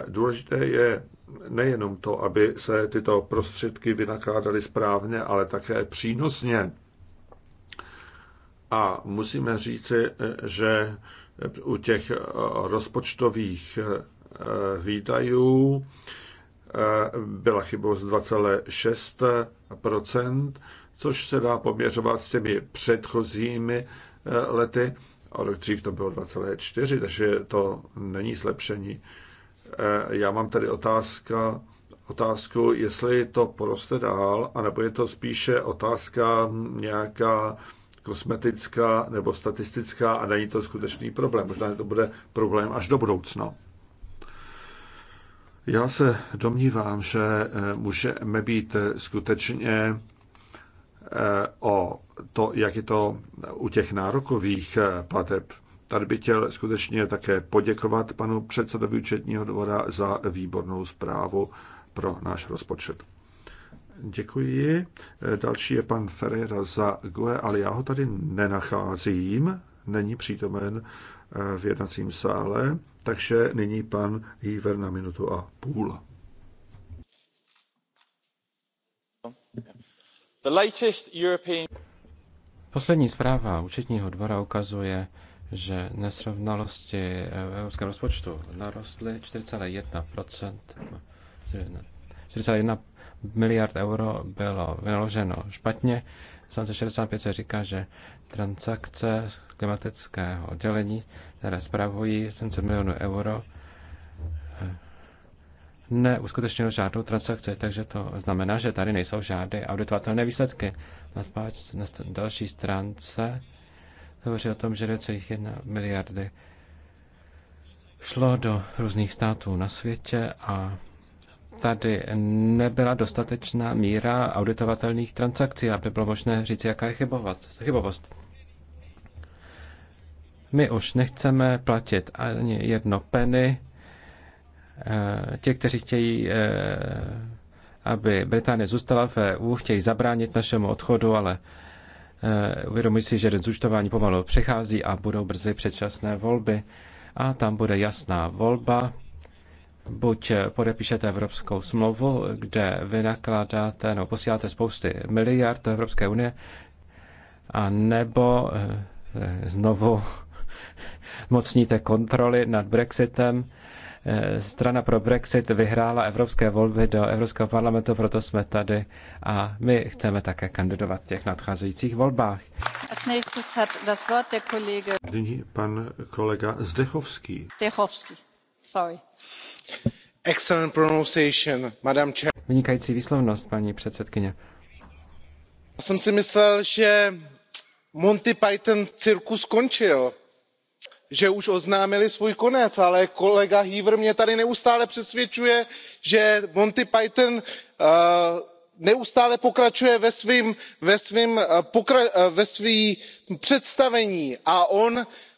Důležité je nejenom to, aby se tyto prostředky vynakládaly správně, ale také přínosně. A musíme říci, že u těch rozpočtových Eh, výdajů eh, byla chybovost 2,6 což se dá poměřovat s těmi předchozími eh, lety. A rok dřív to bylo 2,4, takže to není zlepšení. Já mám tady otázka, otázku, jestli to poroste dál, anebo je to spíše otázka nějaká kosmetická nebo statistická a není to skutečný problém. Možná to bude problém až do budoucna. Já se domnívám, že eh, můžeme být eh, skutečně eh, o to, jak je to u těch nárokových plateb. Tady bych chtěl skutečně také poděkovat panu předsedovi účetního dvora za výbornou zprávu pro náš rozpočet. Děkuji. Další je pan Ferreira za GUE, ale já ho tady nenacházím není přítomen eh, v jednacím sále, takže nyní pan Hýver na minutu a půl. Poslední zpráva účetního dvora ukazuje, že nesrovnalosti eh, evropského rozpočtu narostly 4,1 4,1 miliard euro bylo vynaloženo špatně Stanice 65 se říká, že transakce klimatického oddělení, které spravují 700 milionů euro, neuskutečnilo žádnou transakci, takže to znamená, že tady nejsou žádné auditovatelné výsledky. Na, spáč, na další stránce hovoří o tom, že 2,1 miliardy šlo do různých států na světě a tady nebyla dostatečná míra auditovatelných transakcí, aby bylo možné říct, jaká je chybovost. My už nechceme platit ani jedno penny. Eh, ti, kteří chtějí, eh, aby Británie zůstala v EU, chtějí zabránit našemu odchodu, ale eh, uvědomují si, že den zúčtování pomalu přichází a budou brzy předčasné volby. A tam bude jasná volba buď podepíšete Evropskou smlouvu, kde vynakládáte nebo posíláte spousty miliard do Evropské unie, a nebo eh, znovu mocníte kontroly nad Brexitem. Eh, strana pro Brexit vyhrála evropské volby do Evropského parlamentu, proto jsme tady a my chceme také kandidovat v těch nadcházejících volbách. Nyní pan kolega Zdechovský. Zdechovský. Vynikající výslovnost, paní předsedkyně. Já jsem si myslel, že Monty Python cirkus skončil, že už oznámili svůj konec, ale kolega Heaver mě tady neustále přesvědčuje, že Monty Python eh, neustále pokračuje ve svém ve svým, uh, pokra- uh, ve představení a on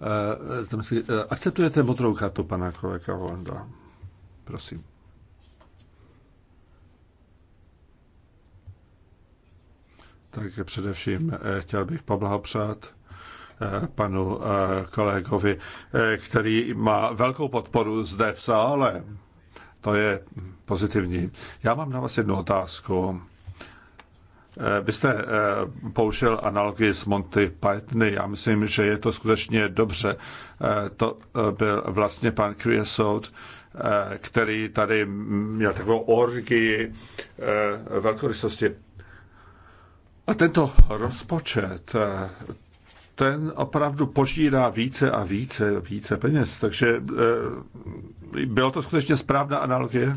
Eh, eh, akceptujete modrou kartu pana kolega Volanda? Prosím. Tak především eh, chtěl bych poblahopřát panu kolegovi, který má velkou podporu zde v sále. To je pozitivní. Já mám na vás jednu otázku. Eh, vy jste eh, použil analogii z Monty Pythony. Já myslím, že je to skutečně dobře. Eh, to byl vlastně pan Creosote, který tady měl takovou orgii velkorysosti. A tento rozpočet, ten opravdu požírá více a více, více peněz. Takže bylo to skutečně správná analogie?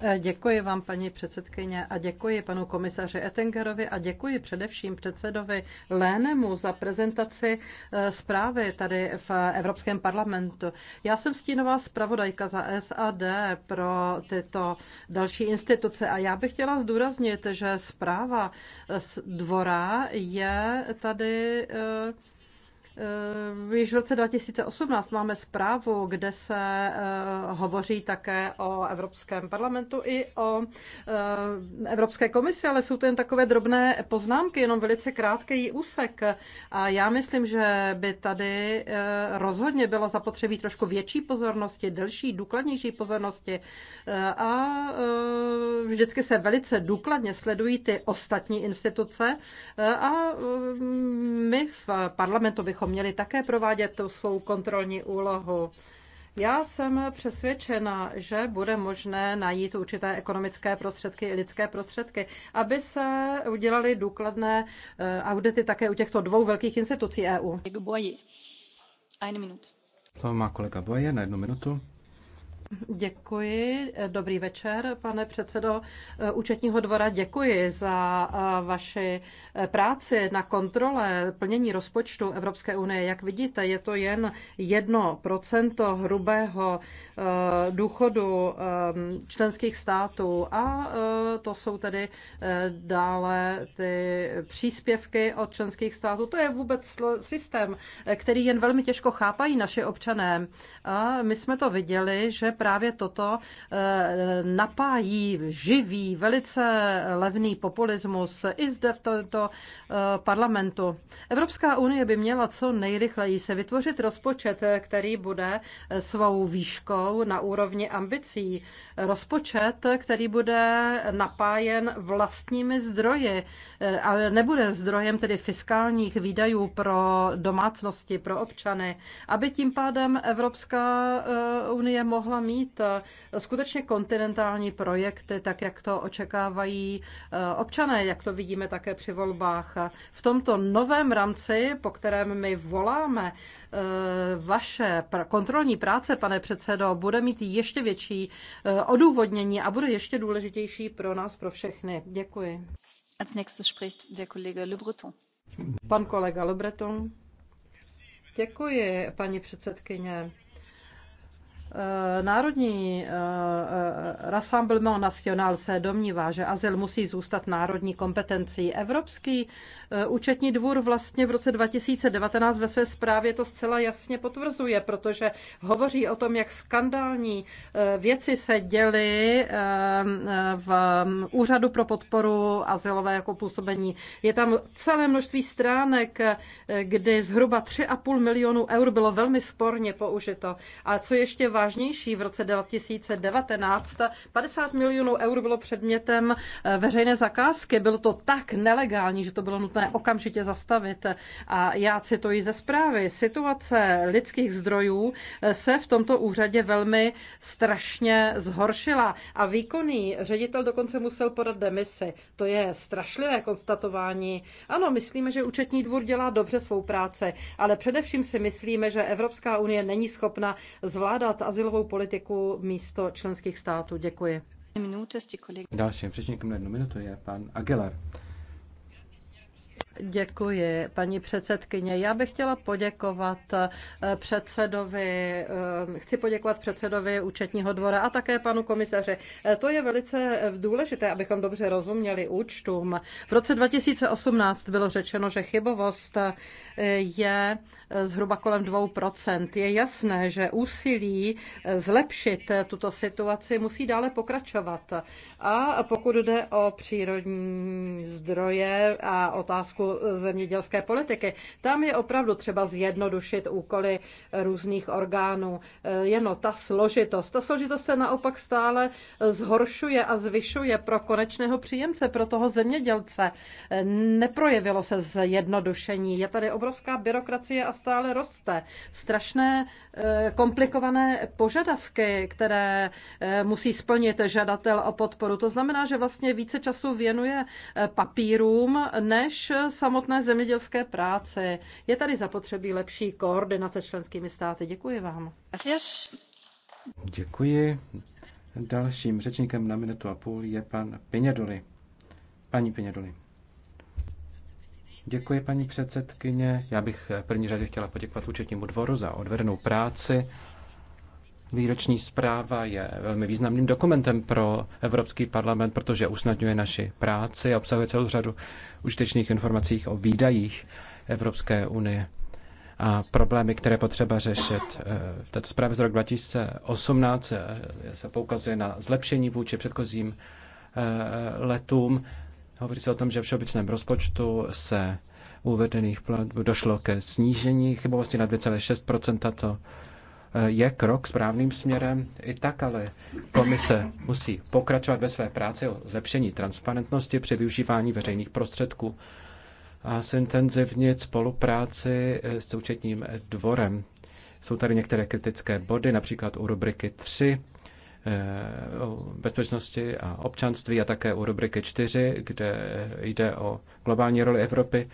Eh, děkuji vám, paní předsedkyně, a děkuji panu komisaři Ettingerovi a děkuji především předsedovi Lénemu za prezentaci eh, zprávy tady v Evropském parlamentu. Já jsem stínová zpravodajka za SAD pro tyto další instituce a já bych chtěla zdůraznit, že zpráva z dvora je tady eh, Eh, již v roce 2018 máme zprávu, kde se eh, hovoří také o Evropském parlamentu i o eh, Evropské komisi, ale jsou to jen takové drobné poznámky, jenom velice krátký úsek. A já myslím, že by tady rozhodně bylo zapotřebí trošku větší pozornosti, delší, důkladnější pozornosti a vždycky se velice důkladně sledují ty ostatní instituce a my v parlamentu bychom bychom měli také provádět tu svou kontrolní úlohu. Já jsem přesvědčena, že bude možné najít určité ekonomické prostředky i lidské prostředky, aby se udělaly důkladné eh, audity také u těchto dvou velkých institucí EU. minut. To má kolega Boje na jednu minutu. Děkuji. Dobrý večer, pane předsedo eh, účetního dvora. Děkuji za eh, vaši eh, práci na kontrole plnění rozpočtu Evropské unie. Jak vidíte, je to jen 1% hrubého důchodu členských států a to jsou tedy dále ty příspěvky od členských států. To je vůbec systém, který jen velmi těžko chápají naše občané. A my jsme to viděli, že právě toto eh, napájí živý, velice levný populismus i zde v tomto eh, parlamentu. Evropská unie by měla co nejrychleji se vytvořit rozpočet, který bude eh, svou výškou na úrovni ambicí. Rozpočet, který bude napájen vlastními zdroji a nebude zdrojem tedy fiskálních výdajů pro domácnosti, pro občany, aby tím pádem Evropská unie mohla mít mít eh, skutečně kontinentální projekty, tak jak to očekávají eh, občané, jak to vidíme také při volbách. V tomto novém rámci, po kterém my voláme, eh, vaše kontrolní práce, pane předsedo, bude mít ještě větší odůvodnění a bude ještě důležitější pro nás, pro všechny. Děkuji. Als nächstes spricht der Kollege Le Breton. Pan kolega Le Breton. Děkuji, paní předsedkyně. Eh, národní eh, eh, Rassemblement National se domnívá, že azyl musí zůstat národní kompetencí. Evropský účetní dvůr vlastně v roce 2019 ve své zprávě to zcela jasně potvrzuje, protože hovoří o tom, jak skandální věci se děly v mm, Úřadu pro podporu azylové jako působení. Je tam celé množství stránek, kdy zhruba 3,5 milionu eur bylo velmi sporně použito. A co ještě vážně, vážnější. V roce 2019 50 milionů eur bylo předmětem eh, veřejné zakázky. Bylo to tak nelegální, že to bylo nutné okamžitě zastavit. A já cituji ze zprávy. Situace lidských zdrojů eh, se v tomto úřadě velmi strašně zhoršila a výkonný ředitel dokonce musel podat demisi. To je strašlivé konstatování. Ano, myslíme, že účetní dvůr dělá dobře svou práci, ale především si myslíme, že Evropská unie není schopna zvládat a azylovou politiku místo členských států. Děkuji. Dalším řečníkem na jednu minutu je pan Aguilar. Děkuji, paní předsedkyně. Já bych chtěla poděkovat eh, předsedovi, eh, chci poděkovat předsedovi účetního dvora a také panu komisaři. Eh, to je velice důležité, abychom dobře rozuměli účtům. V roce 2018 bylo řečeno, že chybovost je zhruba kolem 2%. Je jasné, že úsilí zlepšit tuto situaci musí dále pokračovat. A pokud jde o přírodní zdroje a otázku zemědělské politiky. Tam je opravdu třeba zjednodušit úkoly různých orgánů. Jenom ta složitost. Ta složitost se naopak stále zhoršuje a zvyšuje pro konečného příjemce, pro toho zemědělce. Neprojevilo se zjednodušení. Je tady obrovská byrokracie a stále roste. Strašné eh, komplikované požadavky, které eh, musí splnit žadatel o podporu. To znamená, že vlastně více času věnuje eh, papírům než samotné zemědělské práce. Je tady zapotřebí lepší koordinace členskými státy. Děkuji vám. Děkuji. Dalším řečníkem na minutu a půl je pan Pinědoli. Paní Pinědoli. Děkuji, paní předsedkyně. Já bych v první řadě chtěla poděkovat účetnímu dvoru za odvedenou práci Výroční zpráva je velmi významným dokumentem pro Evropský parlament, protože usnadňuje naši práci a obsahuje celou řadu užitečných informací o výdajích Evropské unie a problémy, které potřeba řešit. Eh, v této zprávě z roku 2018 eh, se poukazuje na zlepšení vůči předchozím eh, letům. Hovoří se o tom, že v všeobecném rozpočtu se uvedených plat došlo ke snížení chybovosti na 2,6 To Eh, je krok správným směrem i tak, ale komise musí pokračovat ve své práci o zlepšení transparentnosti při využívání veřejných prostředků a zintenzivnit spolupráci eh, s součetním dvorem. Jsou tady některé kritické body, například u rubriky 3 eh, o bezpečnosti a občanství a také u rubriky 4, kde jde o globální roli Evropy.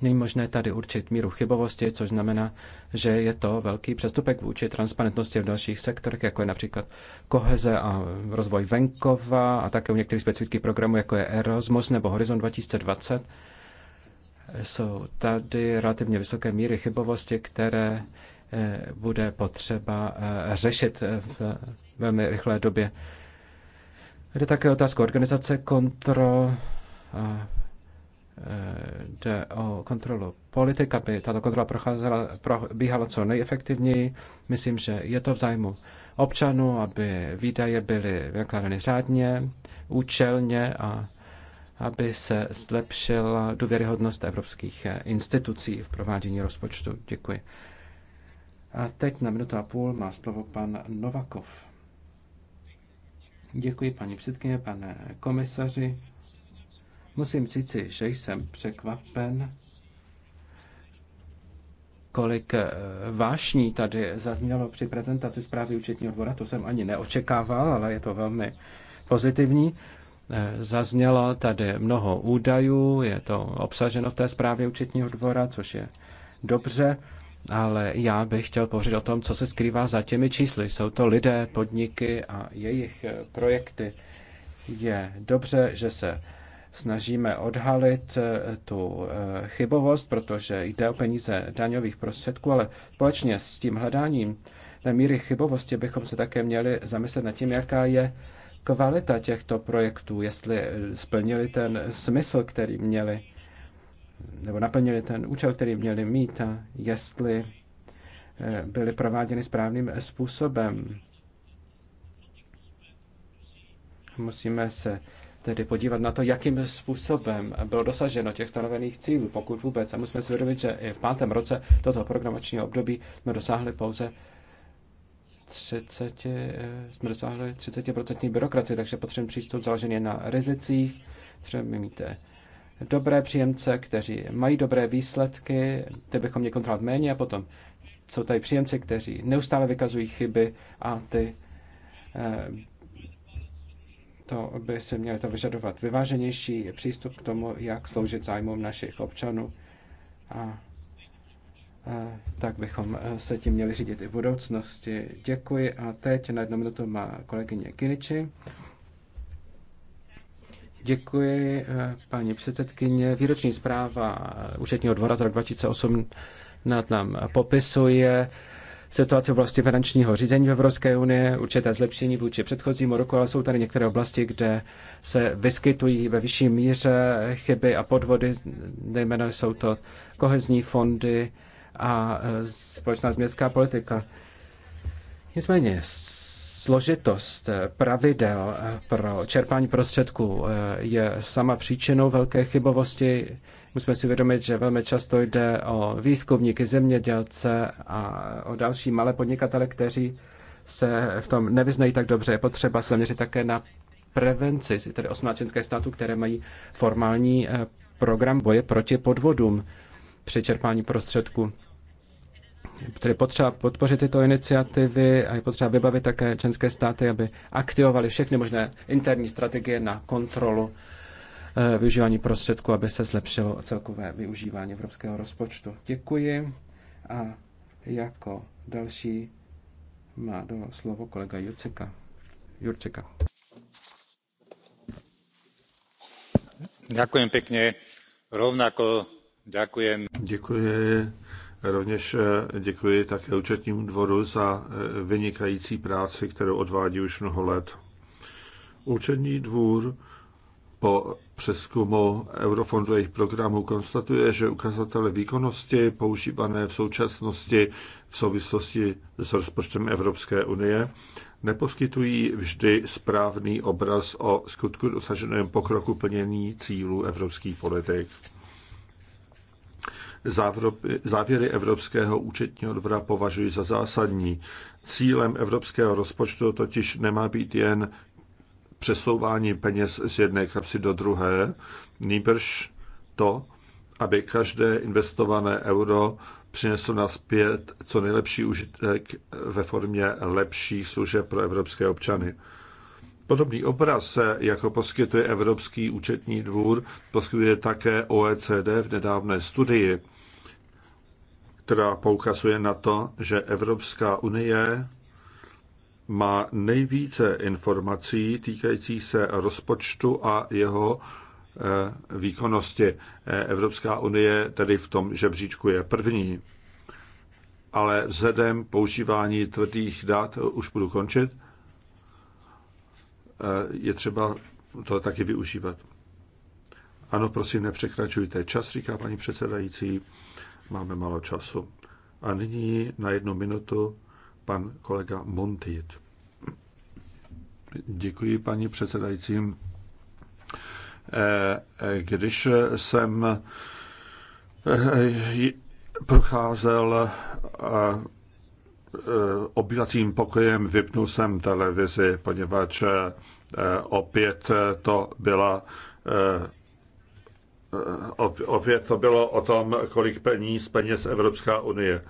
Není možné tady určit míru chybovosti, což znamená, že je to velký přestupek vůči transparentnosti v dalších sektorech, jako je například koheze a rozvoj venkova a také u některých specifických programů, jako je Erasmus nebo Horizon 2020. Jsou tady relativně vysoké míry chybovosti, které eh, bude potřeba eh, řešit eh, v velmi rychlé době. Jde také otázka organizace kontrol Eh, jde o kontrolu politik, aby tato kontrola procházela, probíhala co nejefektivněji. Myslím, že je to v zájmu občanů, aby výdaje byly vykládány řádně, účelně a aby se zlepšila důvěryhodnost evropských eh, institucí v provádění rozpočtu. Děkuji. A teď na minutu a půl má slovo pan Novakov. Děkuji paní předsedkyně, pane komisaři. Musím říci, že jsem překvapen, kolik eh, vášní tady zaznělo při prezentaci zprávy účetního dvora. To jsem ani neočekával, ale je to velmi pozitivní. Eh, zaznělo tady mnoho údajů, je to obsaženo v té zprávě účetního dvora, což je dobře, ale já bych chtěl pohořit o tom, co se skrývá za těmi čísly. Jsou to lidé, podniky a jejich eh, projekty. Je dobře, že se snažíme odhalit eh, tu eh, chybovost, protože jde o peníze daňových prostředků, ale společně s tím hledáním té míry chybovosti bychom se také měli zamyslet nad tím, jaká je kvalita těchto projektů, jestli splnili ten smysl, který měli, nebo naplnili ten účel, který měli mít a jestli eh, byly prováděny správným způsobem. Musíme se tedy podívat na to, jakým způsobem bylo dosaženo těch stanovených cílů, pokud vůbec. A musíme si uvědomit, že i v pátém roce tohoto programačního období jsme dosáhli pouze 30, eh, jsme dosáhli 30% byrokracie, takže potřebujeme přístup založený na rizicích, potřebujeme mít eh, dobré příjemce, kteří mají dobré výsledky, ty bychom měli kontrolovat méně a potom jsou tady příjemci, kteří neustále vykazují chyby a ty eh, proto by se měl to vyžadovat vyváženější přístup k tomu, jak sloužit zájmům našich občanů. A tak bychom e, se tím měli řídit i v budoucnosti. Děkuji a teď na jednu minutu má kolegyně Kiniči. Děkuji, e, paní předsedkyně. Výroční zpráva účetního dvora za rok 2018 nám popisuje Situace v oblasti finančního řízení v Evropské unie, určité zlepšení vůči předchozímu roku, ale jsou tady některé oblasti, kde se vyskytují ve vyšší míře chyby a podvody, nejméně jsou to kohezní fondy a e, společná městská politika. Nicméně složitost eh, pravidel eh, pro čerpání prostředků eh, je sama příčinou velké chybovosti. Musíme si vědomit, že velmi často jde o výzkumníky, zemědělce a o další malé podnikatele, kteří se v tom nevyznají tak dobře. Je potřeba se měřit také na prevenci, tedy osmáčenské státu, které mají formální program boje proti podvodům při čerpání prostředků tedy potřeba podpořit tyto iniciativy a je potřeba vybavit také členské státy, aby aktivovali všechny možné interní strategie na kontrolu eh, využívání prostředků, aby se zlepšilo celkové využívání evropského rozpočtu. Děkuji a jako další má do slovo kolega Jurčeka. Jurčeka. Děkuji pekne. Rovnako děkuji. Děkuji Rovněž eh, děkuji také účetnímu dvoru za eh, vynikající práci, kterou odvádí už mnoho let. Účetní dvůr po přeskumu eurofondových programů konstatuje, že ukazatele výkonnosti používané v současnosti v souvislosti s rozpočtem Evropské unie neposkytují vždy správný obraz o skutku dosaženém pokroku plnění cílů evropských politik závěry Evropského účetního dvora považuji za zásadní. Cílem evropského rozpočtu totiž nemá být jen přesouvání peněz z jedné kapsy do druhé, nýbrž to, aby každé investované euro přineslo naspět co nejlepší užitek ve formě lepších služeb pro evropské občany. Podobný obraz, jako poskytuje Evropský účetní dvůr, poskytuje také OECD v nedávné studii, která poukazuje na to, že Evropská unie má nejvíce informací týkajících se rozpočtu a jeho eh, výkonnosti. Eh, Evropská unie tedy v tom žebříčku je první. Ale vzhledem používání tvrdých dat, eh, už budu končit, Eh, je třeba to taky využívat. Ano, prosím, nepřekračujte čas, říká paní předsedající. Máme málo času. A nyní na jednu minutu pan kolega Montit. Děkuji, paní předsedající. Eh, eh, když jsem procházel Eh, obyvacím pokojem vypnul jsem televizi, poněvadž eh, opět eh, to byla opět to bylo o tom, kolik peníz peněz Evropská unie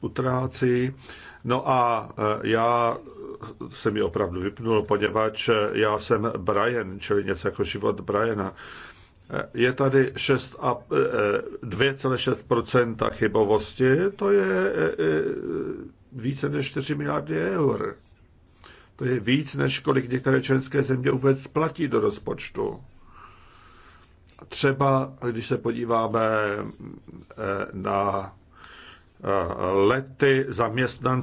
utrácí. No a já jsem ji opravdu vypnul, poněvadž já jsem Brian, čili něco jako život Briana. Je tady 2,6 e, e, chybovosti, to je e, více než 4 miliardy eur. To je víc, než kolik některé členské země vůbec platí do rozpočtu. Třeba, když se podíváme na lety zaměstnanců,